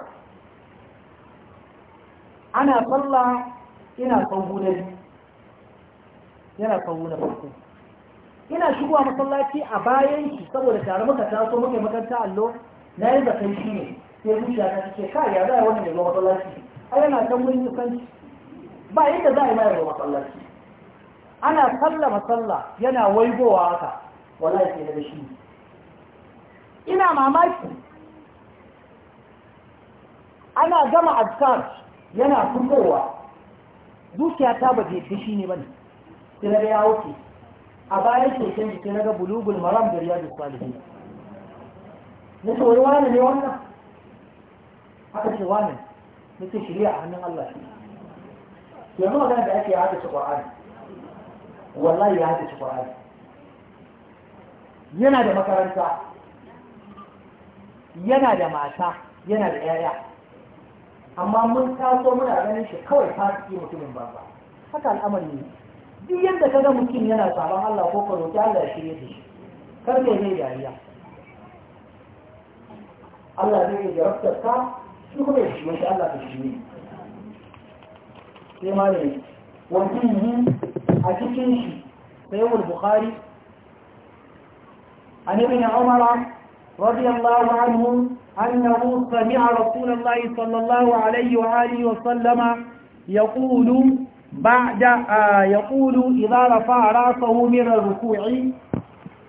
ana tsalla ina kan na biyu yana kan na farko ina shigowa masallaci a bayan shi saboda tare muka taso muke makanta allo na yi zakan shi ne sai ta ce ya zai masallaci ai yana kan wurin ba yadda za mai masallaci ana sallama sallah yana waibowa haka wallahi sai da shi ina mamaki ana gama azkar yana fitowa zuciya ta ba je shi ne bane sai na ga ya wuce a bayan keken sai na ga bulugul maram da riyadu salihin na tsoro wani ne wannan haka ce wani mutum shirya a hannun Allah yanzu magana da ake ya ci Qur'ani wallahi ya ci Qur'ani yana da makaranta yana da mata yana da 'ya'ya amma mun taso muna ganin shi kawai fasiki mutumin banza haka al'amari ne duk yadda kaga mutum yana sabon Allah ko karo ta Allah shirye da shi kar ne yariya Allah zai yi jarabtar ka يقول ايش ما شاء الله في الجميل في مالين ومنهم أتكنشي فيوم البخاري عن ابن عمر رضي الله عنه أنه سمع رسول الله صلى الله عليه وآله وسلم يقول بعد آه، يقول إذا رفع راسه من الركوع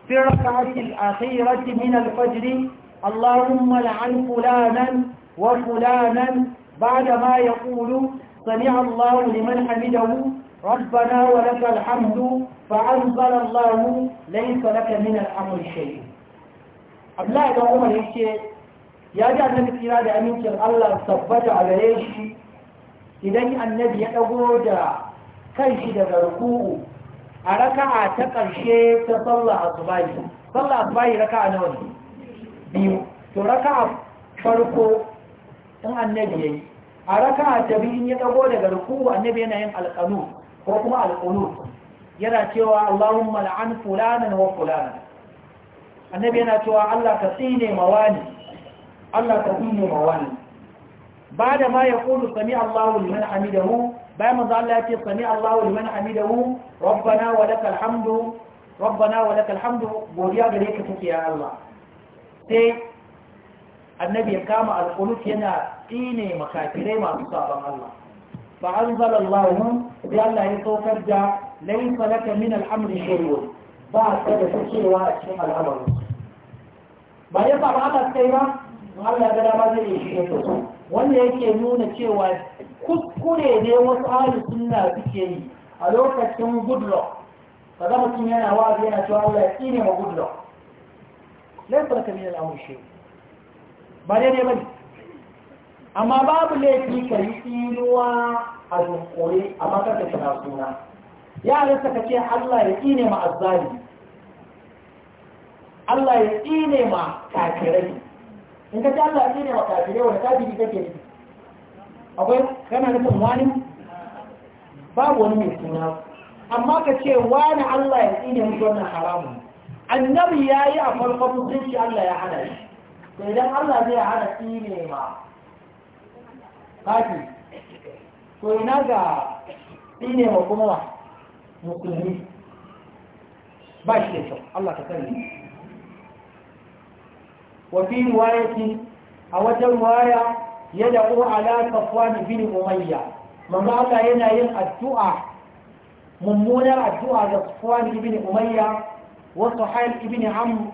في الركعة الأخيرة من الفجر اللهم لعن فلانا وفلانا بعد ما يقول صنع الله لمن حمده ربنا ولك الحمد فأنزل الله ليس لك من الأمر شيء الله إذا عمر يا جاء النبي صلى الله عليه الله صبت على ليش إذن النبي أقول كيش دقى ركوه أركع تقل شيء تصلى أصبعي صلى أصبعي ركع نوني بيو تركع فرقه in annabi yayi a raka'a ta biyu in ya dago daga ruku'u annabi yana yin alqanu ko kuma alqunu yana cewa Allahumma la'an fulanan wa fulanan annabi yana cewa Allah ka tsine mawani Allah ka tsine mawani ba da ma ya kulu sami Allahu liman hamidahu bayan manzo Allah ya ce sami Allahu liman hamidahu rabbana wa lakal hamdu rabbana wa lakal hamdu godiya gare ka take ya Allah sai annabi ya kama alƙunut yana tsine makafirai masu sabon Allah fa anzalallahu bi Allah ya saukar da laysa laka min al-amri shay'un ba ka da wa a cikin al'amari ba ya ba Allah sai ba Allah ga ba zai yi shi to wanda yake nuna cewa kuskure ne wasu ahli sunna suke yi a lokacin gudro kaga mutum yana wa'azi yana cewa Allah ya tsine ma gudro laysa laka min al-amri shay'un ba daidai ba ne amma babu laifi ka yi tsinuwa a dunkure a makar da kira suna yaransa ka ce Allah ya tsine ma azzali Allah ya tsine ma kafirai in ka ce Allah ya tsine ma kafirai wani kafiri kake ne akwai kana nufin wani babu wani mai suna amma ka ce wani Allah ya tsine musu wannan haramun annabi ya yi a farkon mutunci Allah ya hana shi sai dan Allah zai hana tsine ma kaki to ina ga tsine ma kuma wa musulmi ba shi da kyau Allah ka sani wa fi riwayati a wajen waya ya da'u ala safwan bin umayya manzo Allah yana yin addu'a mummunar addu'a ga safwan ibn umayya wa suhail ibn amr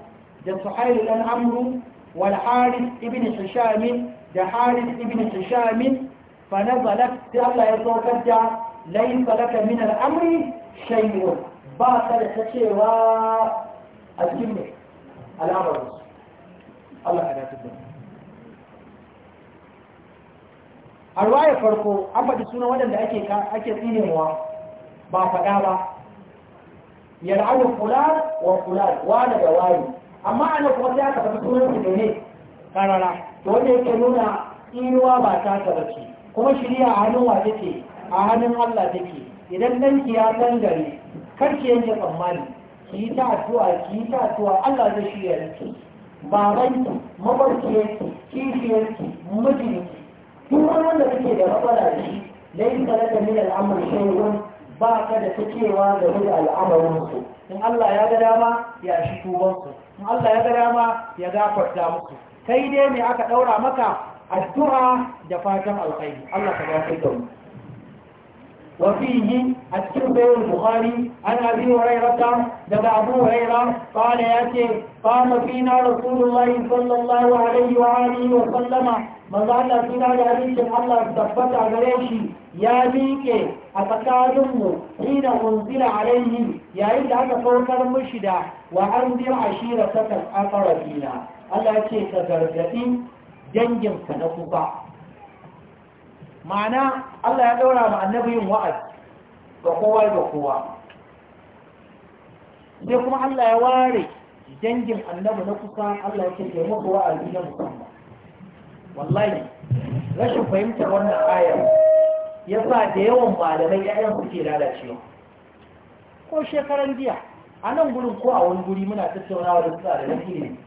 da suhail dan amru wal harith ibn hisham da harith ibn hisham fa nazalat sai Allah ya saukar da laysa laka min al-amri shay'un ba ka da cewa Allah da farko an faɗi suna waɗanda ake tsinewa ba faɗa ba yal'anu kula wa kula wani da amma ana kuma ya ka tafi sunan su ne karara to wanda yake nuna inuwa ba ta ta kuma shirya a hannun wa take a hannun Allah take idan dan ki ya san gare kar ki yanke tsammani ki yi ta addu'a ki ta addu'a Allah zai shirya ki babanki ki kishiyarki mijinki duk wanda kake da rabara da shi dai ka da min al'amari ba ka da takewa ga da al'amarin su in Allah ya ga dama ya shi tubansu in Allah ya ga dama ya gafarta musu kai dai me aka daura maka addu'a da fatan alkhairi Allah ka gafarta da mu وفيه التربية البخاري عن أبي هريرة دبع أبو هريرة قال ياتي قام فينا رسول الله صلى الله عليه وآله وسلم مزال فينا لأبيش الله استفت على يا ميك أتكالم حين أنزل عليه yayin da aka saukar mishi da wa an biyu ashira ta kan akarabina Allah ce ka gargaɗi danginka na kuka ma'ana Allah ya ɗaura ma annabi yin wa'ad ga kowa da kowa sai kuma Allah ya ware dangin annabi na kusa Allah ya ce ke muku wa'azi na musamman wallahi rashin fahimtar wannan ayar ya sa da yawan malamai 'ya'yan suke lalacewa ko shekaran jiya a nan gurin ko a wani guri muna tattaunawa da tsara da ilimi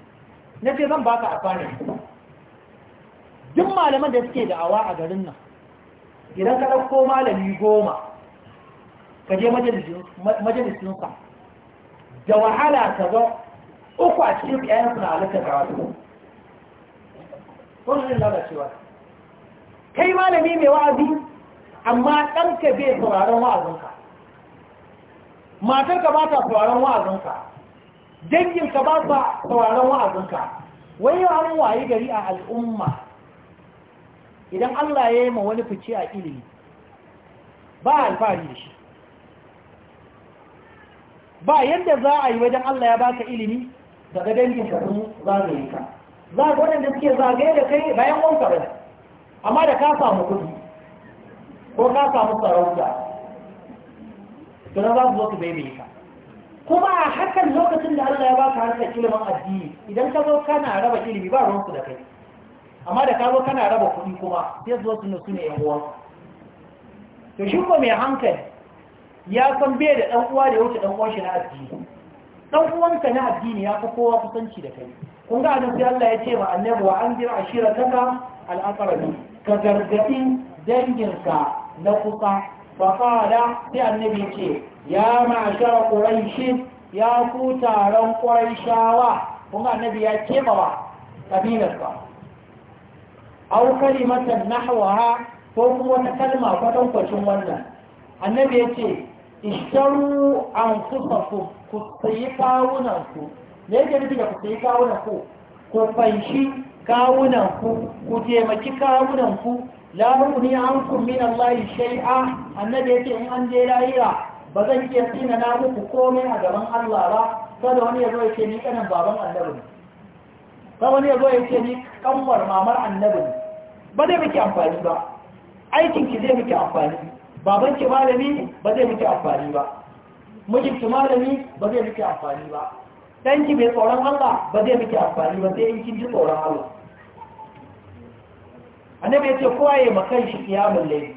na ce zan baka a kwanan duk malaman da suke da'awa a garin nan idan ka ɗauko malami goma ka je majalisinsa da wahala ka zo uku a cikin ƴaƴan suna halittar da wasu wani rin lalacewa kai malami mai wa'azi amma ɗanka bai sauraron wa'azinka matarka ba ta sauraron wa'azinka danginka ba ta sauraron wa'azinka wai yawan waye gari a al'umma idan Allah ya yi ma wani fice a ilimi ba alfahari da shi ba yadda za a yi wajen Allah ya baka ilimi daga danginka sun zagaye ka za ga waɗanda suke zagaye da kai bayan wanka ba amma da ka samu kudi ko ka samu sarauta don babu wata bai mai ka kuma a hakan lokacin da Allah ya ba ka harkar ilimin addini idan ka zo kana raba ilimi ba ruwanku da kai amma da ka zo kana raba kuɗi kuma sai zuwa su ne yan to shi ko mai hankali ya san bai da ɗan uwa da ya wuce ɗan uwan shi na addini ɗan uwanka na addini ya fi kowa kusanci da kai kun ga annabi Allah ya ce ma annabi wa an jira ashira kaka ka gargadin danginka na kusa faƙada sai annabi ce ya ma'ashara ƙuraishi ya ku taron ƙuraishawa kuma annabi ya keɓawa ƙabilarsa au kalimatan nahwaha ko kuma wata kalma kwatankwacin wannan annabi ya ce ishtaru an kusafu ku sayi kawunanku ne yake nufi da ku sayi kawunanku ku fanshi kawunanku ku taimaki kawunanku la rukuni an kun min Allah shay'a annabi yake in an je lahira ba zan iya na muku komai a gaban Allah ba kada wani ya zo ya ce ni kanan baban annabi ne kada wani ya zo ya ce ni kanwar mamar annabi ne ba zai miki amfani ba aikin ki zai miki amfani baban ki malami ba zai miki amfani ba mijin ki malami ba zai miki amfani ba dan ki bai tsoron Allah ba zai miki amfani ba sai in kin ji tsoron Allah annabi yace ko ya makan shi kiyamul layl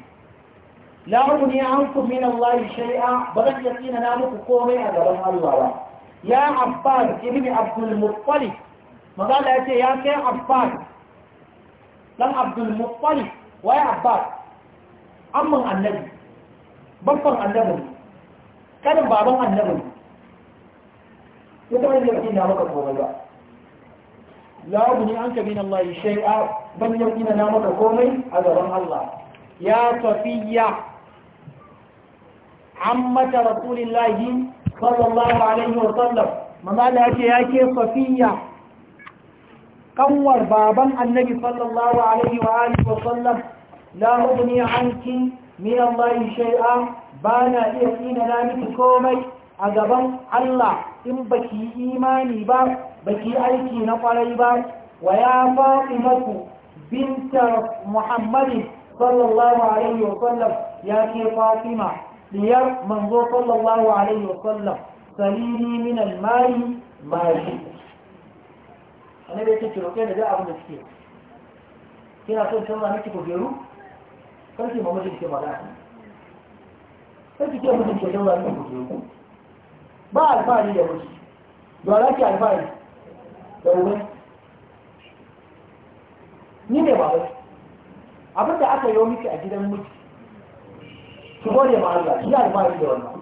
la ne an ku min Allah shay'a ba zan tsina na muku komai a gaban Allah ba ya Abbas ibn Abdul Muttalib magana yace ya kai Abbas dan Abdul Muttalib ya Abbas amman annabi babban annabi kanin baban annabi ne ita wani yau na maka komai ba la ne an ka min Allah shay'a ban yaqina na maka komai a gaban Allah ya safiya ammata rasulillahi sallallahu alaihi wa sallam mama da yake ke safiya kanwar baban annabi sallallahu alaihi wa alihi wa sallam la ubni anki min Allah shay'a bana iya kina na miki komai a gaban Allah in baki imani ba baki aiki na kwarai ba wa ya fatimatu binta muhammadin sallallahu alaihi wa sallam ya ke fatima diyar manzo sallallahu alaihi wa sallam salini min almari mari annabi yake ki roƙe da da abin da kike kina son canza miki kujeru karki ma mutum ke magana karki ke mutum ke canza miki kujeru ba alfahari da mutum dole ki alfahari da ni ne baban abin da aka yi miki a gidan miki su gode ma Allah shi alfahari da wannan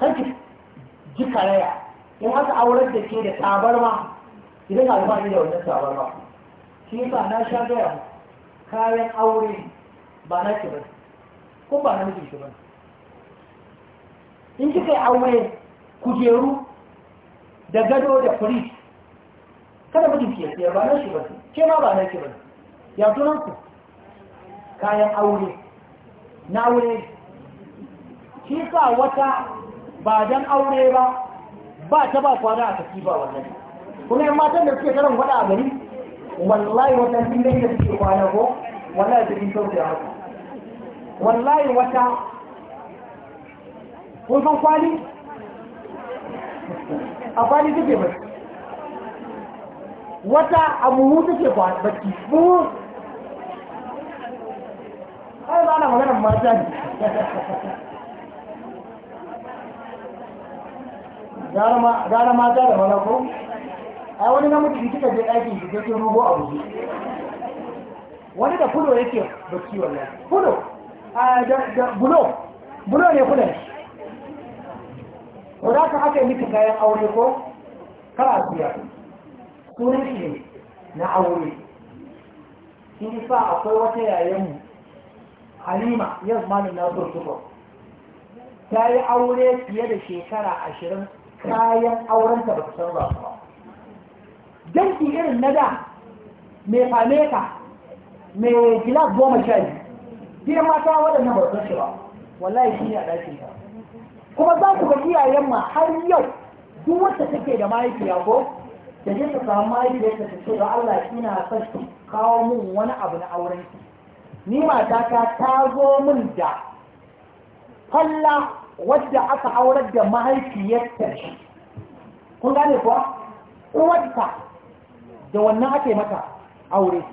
kan ki ji karaya in aka aurar da ke da tabarma ki dinga alfahari da wannan tabarma shi yasa na sha gaya kayan aure ba na ki ba, ko ba na miji ki bane in kika yi aure kujeru da gado da kuri kada mutum ke siya ba na shi ba ke ma ba na shi ba ya tunan ku kayan aure na aure shi sa wata ba dan aure ba ba ta ba kwana a tafi ba wannan kuma yan matan da suke karan wada a gari wallahi wata sun dai da suke kwana ko wallahi cikin sauke a haka wallahi wata kun san kwali a kwali take bacci wata a muhu take bacci muhu ai ba na maganar mata ne gara mata da malako ai wani namiji kika je ɗakin shi sai rubo a buji wani da kudo yake bacci wallahi kudo a ah, da bulo bulo ne kudan shi wadata aka yi miki kayan aure ko kara biya sunan shi ne na aure shi nisa akwai wata yayanmu halima yau malin na turtuko ta yi aure fiye da shekara ashirin kayan aurenta ba ta san ba danki irin na da mai fameka mai gilas goma sha biyu girma ta waɗannan ba su shi ba wallahi shi ne a ɗakin ta kuma za ku ga iyayen ma har yau duk wacce take da mahaifiya ko da je ta samu mahaifiyarta ta ce da Allah ina son ki kawo min wani abu na auren ki ni matata ta zo min da falla wadda aka aurar da mahaifiyarta shi kun gane kuwa uwarta da wannan ake mata aure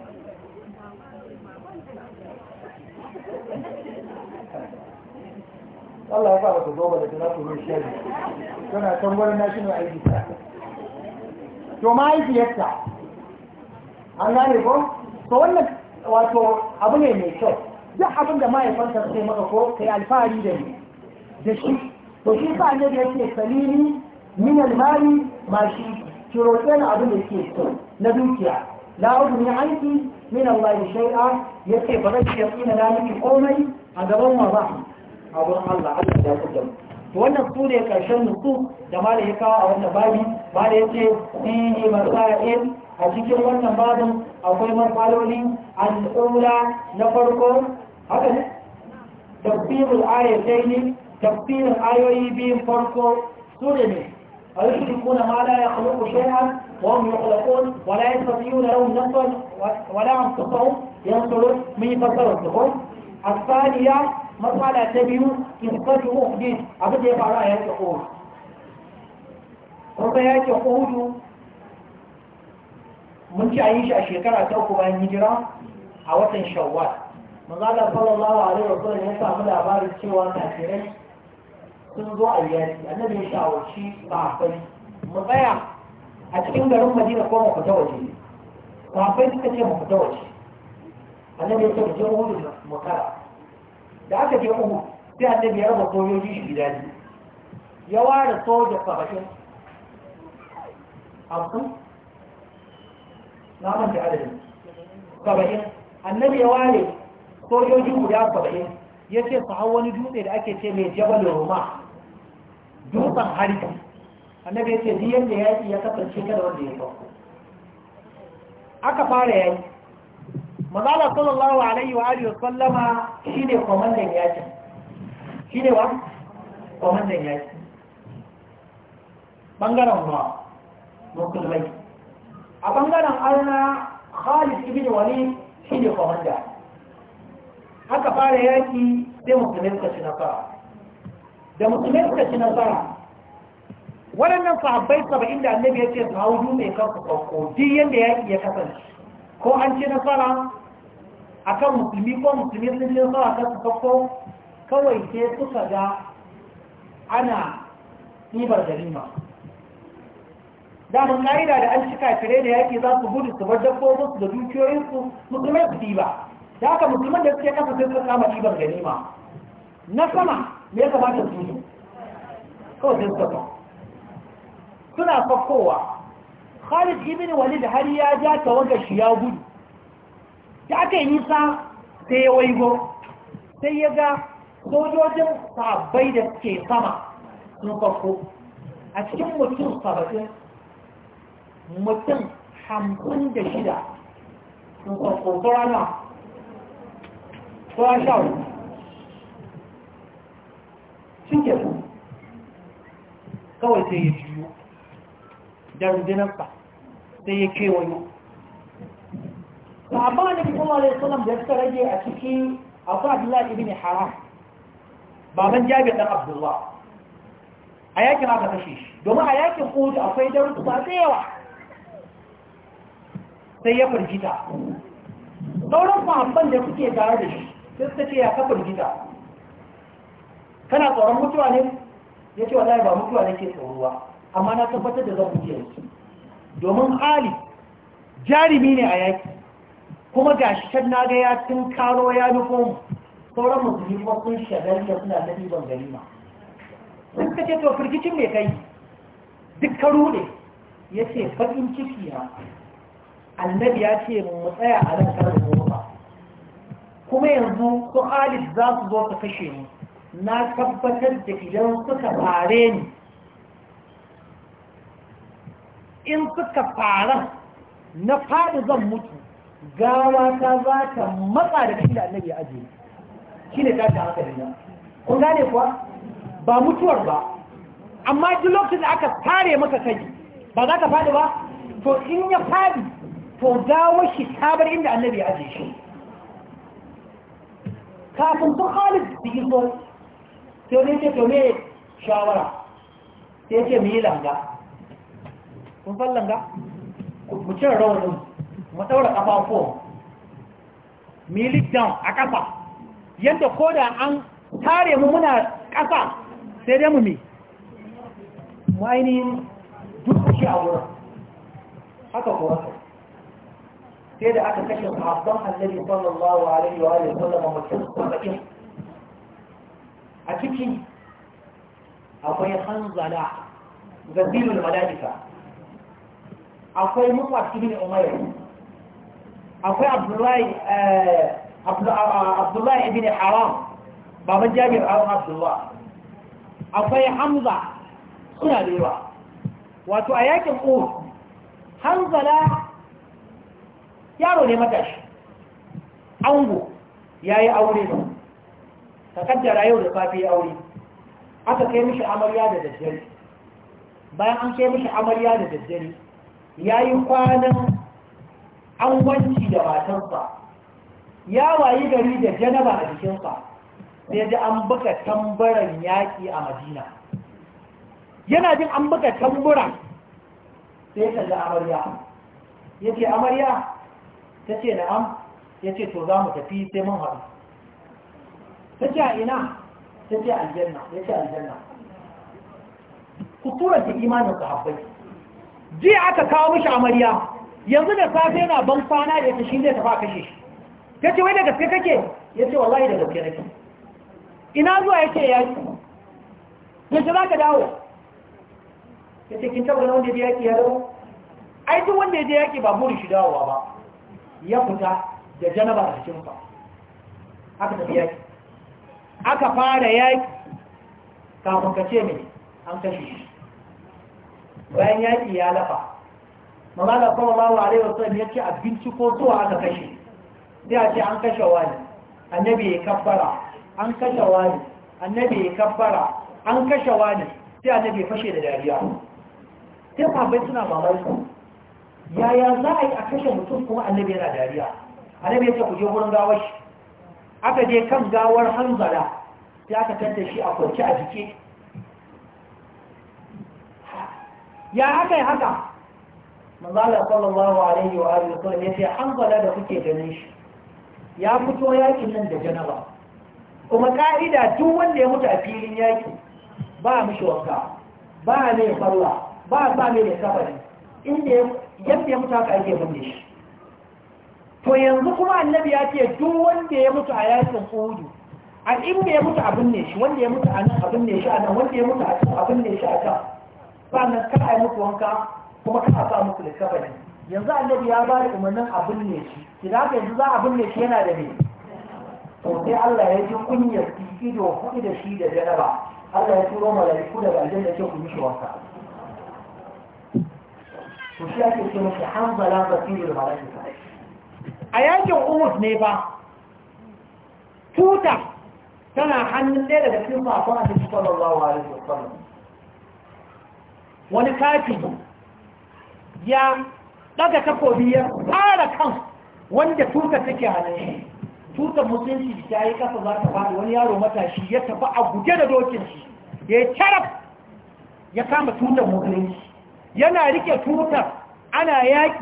Allah ya sa ba su zo ba da za su zo shiyar tana can wani national ID ta to mahaifiyarta an gane ko to wannan wato abu ne mai kyau duk abin da mahaifansa sai maka ko kai alfahari da ni da shi to shi sa annabi yake salini min almali ma shi ki roƙe ni abin da yake so na dukiya la ugni anki min Allah shay'a yace ba zan iya tsina na miki komai a gaban wa ba abin Allah Allah ya ku jamu to wannan su ne karshen nuku da mala ya kawo a wannan babi mala ya ce fihi masa'il a cikin wannan babin akwai mafaloli al'ula na farko haka ne tabbirul ayoyi sai ne tabbirul ayoyi biyun farko su ne ne a yi shi kuna mala ya kalu shay'an wa mu yakhluqu wa la yastati'u lahu nafsan wa la anfusahum yansurun min fasarat a الثانيه مرفوع على اسابيو انقاذ وحده عبد يبقى على ايات الخروج ربما ايات الخروج منك عيش الشيكار اتوكو عن هجرة عوات شوال مغالا صلى الله عليه وسلم يسعى من عبار السوى تأثيرين تنظر أياتي النبي يشعى وشي بعفل مغايا أتكلم لهم مدينة قوة مقتوجة بعفل تكتير مقتوجة النبي يسعى وجوه مقتوجة da aka je umu sai annabi ya raba sojoji shi gida biyu ya ware soja saba'in hamsin na manta adadin saba'in annabi ya ware sojoji guda saba'in ya ce su hau wani dutse da ake ce mai jabal roma dutsen harbi annabi ya ce biyan yadda yaƙi ya kasance kada wanda ya sauko aka fara yayi mazala sallallahu alaihi wa alihi sallama shine komandan yakin shine wa komandan yakin bangaren ruwa, musulmai a bangaren arna khalid ibn walid shine komanda Haka fara yaki sai musulmai suka ci nasara da musulmai suka ci nasara waɗannan sahabbai saba'in da annabi ya ce su hau dutse kan su farko duk yadda yaƙi ya kasance ko an ci nasara akan musulmi ko musulmi sun je zuwa kan su kakko kawai sai suka ga ana ɗibar ganima damun ka'ida da an cika kare da yaƙi za su gudu su bar dabbobinsu da dukiyoyinsu musulmai su ɗiba da haka musulman da suke kasa sai suka kama ɗibar ganima na sama me ya kamata su yi kawai sai suka suna fakkowa Khalid ibn Walid har ya ja tawagar shi ya gudu da aka yi nisa sai ya waigo sai ya ga sojojin sabai da ke sama sun farko a cikin mutum sabatin mutum hamsin da shida sun farko turana turan shawo sun suke su kawai sai ya jiyo da rundunarsa sai ya kewayo sahabban da kuma alaihi wasallam da suka rage a ciki akwai abdullahi ibn haram baban jabir dan abdullah a yakin aka kashe shi domin a yakin uhud akwai darussa da yawa sai ya firgita sauran sahabban da kuke tare da shi sai suka ce ya ka firgita kana tsoron mutuwa ne ya ce wallahi ba mutuwa ne ke ba amma na tabbatar da zan mutu yanzu domin Ali jarumi ne a yaki kuma ga shi can naga ya tun karo ya nufo sauran musulmi kuma kun shagar da suna na ɗiban ganima sun ka ce to firgicin mai kai duk ka rude. ya ce baƙin ciki na annabi ya ce mu tsaya a nan kar mu ba kuma yanzu su Alif za su zo su kashe mu na tabbatar da idan suka fare ni in suka fara na faɗi zan mutu gawa ta za ta matsa da kan da annabi aji ajiye shi ne tashi hankalin nan kun gane kuwa ba mutuwar ba amma duk lokacin da aka tare maka kai ba za ka faɗi ba to in ya faɗi to gawar shi ta bar inda annabi ya ajiye shi kafin ta halin su yi so sai ne ce to me shawara sai ce mu yi langa kun fallon langa mu cire rawanin mu ɗaura ƙafafuwan milik down a ƙafa yadda ko da an tare mu muna ƙasa sai dai mu mi mu ainihin duk shi a wurin haka kuwa sai sai da aka kashe sahabban annabi sallallahu alaihi wa alihi sallama mutum saba'in a ciki akwai hanzala gazilul malaika akwai mutsaf ibn umayr akwai eh, ah, ah, abdullahi ibn haram baban jami'ar abu abdullahi akwai hamza suna da yawa wato a yakin Hamza hanzala yaro ne matashi ango ya yi aure ka kaddara yau da safe ya aure aka kai mishi amarya da daddare bayan an kai mishi amarya da daddare ya yi kwanan an wanci da matansa ya wayi gari da janaba a jikinsa sai da an buga tambaran yaƙi a madina yana jin an buga tambura sai ta da amarya ya ce amarya ta ce na'am ya ce to za mu tafi sai mun haɗu ta ce a ina ta ce aljanna ya ce aljanna ku turanta imanin sahabbai jiya aka kawo mishi amarya yanzu da safe yana ban kwana da ta shi zai tafa kashe shi ta ce wai da gaske kake ya ce wallahi da gaske nake ina zuwa ya ce yaki ya ce za ka dawo ya ce kin tabbata wanda ya ki ya dawo ai duk wanda ya je yaki ba burin shi dawowa ba ya fita da janaba a cikin fa aka tafi yaki aka fara yaki kafin ka ce mai an kashe shi bayan yaki ya lafa mamala kuma ma wa alaihi wasallam ya ce abinci ko zuwa aka kashe sai a ce an kashe wani annabi ya kabbara an kashe wani annabi ya kabbara an kashe wani sai annabi ya fashe da dariya sai sahabbai suna mamaki yaya za a yi a kashe mutum kuma annabi yana dariya annabi ya ce ku je wurin gawar shi aka je kan gawar hanzara sai aka kanta shi a kwanci a jike ya aka yi haka mazala sallallahu alaihi wa alihi wasallam yace hanzala da kuke ganin shi ya fito yakin nan da janaba kuma ka'ida duk wanda ya mutu a filin yaki ba mishi wanka ba ne falla ba ba ne da kafari inda yadda ya mutu haka ake binne shi to yanzu kuma annabi ya ce duk wanda ya mutu a yakin uhudu a inda ya mutu a binne shi wanda ya mutu a nan a binne shi a nan wanda ya mutu a can a binne shi a can sannan kar a yi mutu wanka kuma ka sa musu likabari yanzu annabi ya ba da umarnin abin ne shi idan haka yanzu za a binne shi yana da ne to sai Allah ya ji kunyar ido hudu da shi da jaraba Allah ya turo malaiku daga aljanna ce ku mishi wasa to shi ake ce mishi hanzala basirul malaika a yakin umus ne ba tuta tana hannun ɗaya daga cikin sakon a cikin sallallahu alaihi wasallam wani kafin ya daga takobi ya fara kan wanda tuka take hannun tutar musulunci ta yi kasa za ta faɗi wani yaro matashi ya tafi a guje da dokin shi da ya carab ya kama tutar musulunci yana rike tutar ana yaƙi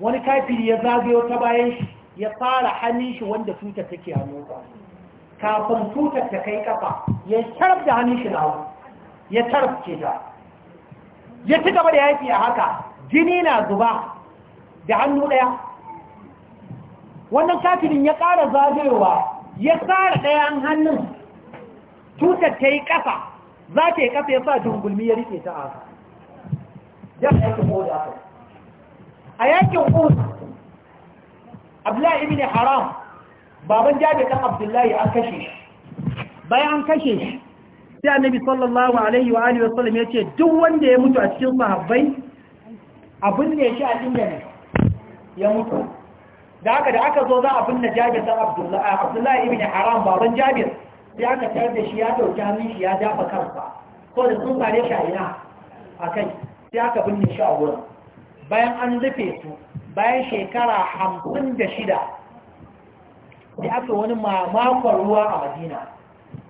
wani kafiri ya zagayo ta bayan shi ya fara hannun shi wanda tutar suke hannun shi. kafin tutar ta kai kafa ya carab da hannun shi na ya carab ke ta ya ci gaba da yaki a haka jini na zuba da hannu ɗaya wannan kafirin ya ƙara zagayowa ya tsara ɗayan hannun tutar ta yi ƙasa za ta yi ƙasa ya sa dungulmi ya rike ta haka a yakin ƙus abdullahi ibn haram baban jabi ɗan abdullahi an kashe shi bayan kashe shi sai annabi sallallahu alaihi wa alihi wasallam ya ce duk wanda ya mutu a cikin sahabbai abin ne shi a inda ne ya mutu da haka da aka zo za a binne jabir dan abdullahi ah, abdullahi ibn haram baban jabir sai aka tare da shi ya dauki hannun shi ya dafa kansa ko da sun fare shi a ina kai sai aka binne shi a wurin bayan an rufe su bayan shekara hamsin da shida sai aka wani makon ruwa a madina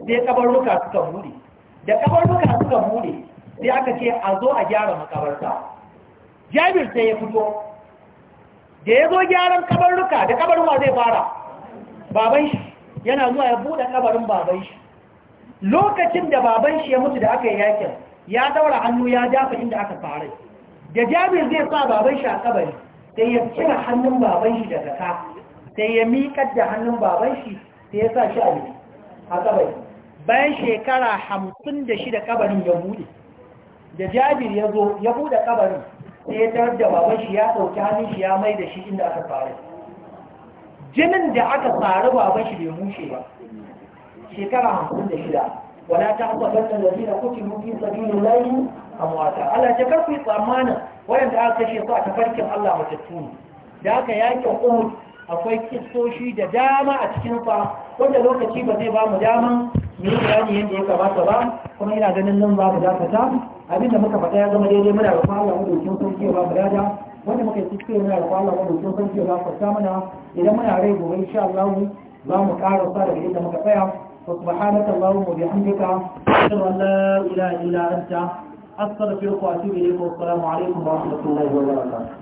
sai kabarruka suka buɗe da kabarbuka suka bude sai aka ce a zo a gyara makabarta jabir sai ya fito da ya zo gyaran kabarruka da kabarwa zai fara baban shi yana zuwa ya buɗe kabarin baban shi lokacin da baban shi ya mutu da aka yi yakin ya daura hannu ya dafa inda aka fara da jabir zai sa baban shi a kabari sai ya cire hannun baban shi daga ka sai ya miƙar da hannun baban shi sai ya sa shi a kabari bayan shekara hamsin da shida kabarin ya bude da jabir ya zo ya bude kabarin sai ya tarar da baban shi ya ɗauki hannun shi ya mai da shi inda aka faru jinin da aka faru baban shi bai mushe ba shekara hamsin da shida wala ta haka bannan da zina kuke mutu sabilin layi a mawata Allah ta karfi tsammanin wadanda aka kashe su a tafarkin Allah matattu ne da aka yakin Uhud akwai kistoshi da dama a cikin fa wanda lokaci ba zai ba mu daman ne bayani yadda ya kamata ba kuma ina ganin nan ba mu dakata abin da muka faɗa ya zama daidai muna da fara wadokin sarki ba mu dada wanda muka yi kuskure muna da fara wadokin sarki ba fasa mana idan muna rai gobe insha Allah za mu ƙara sa daga inda muka tsaya فسبحانك اللهم وبحمدك أشهد أن لا إله إلا أنت أستغفرك وأتوب إليك والسلام عليكم ورحمة الله وبركاته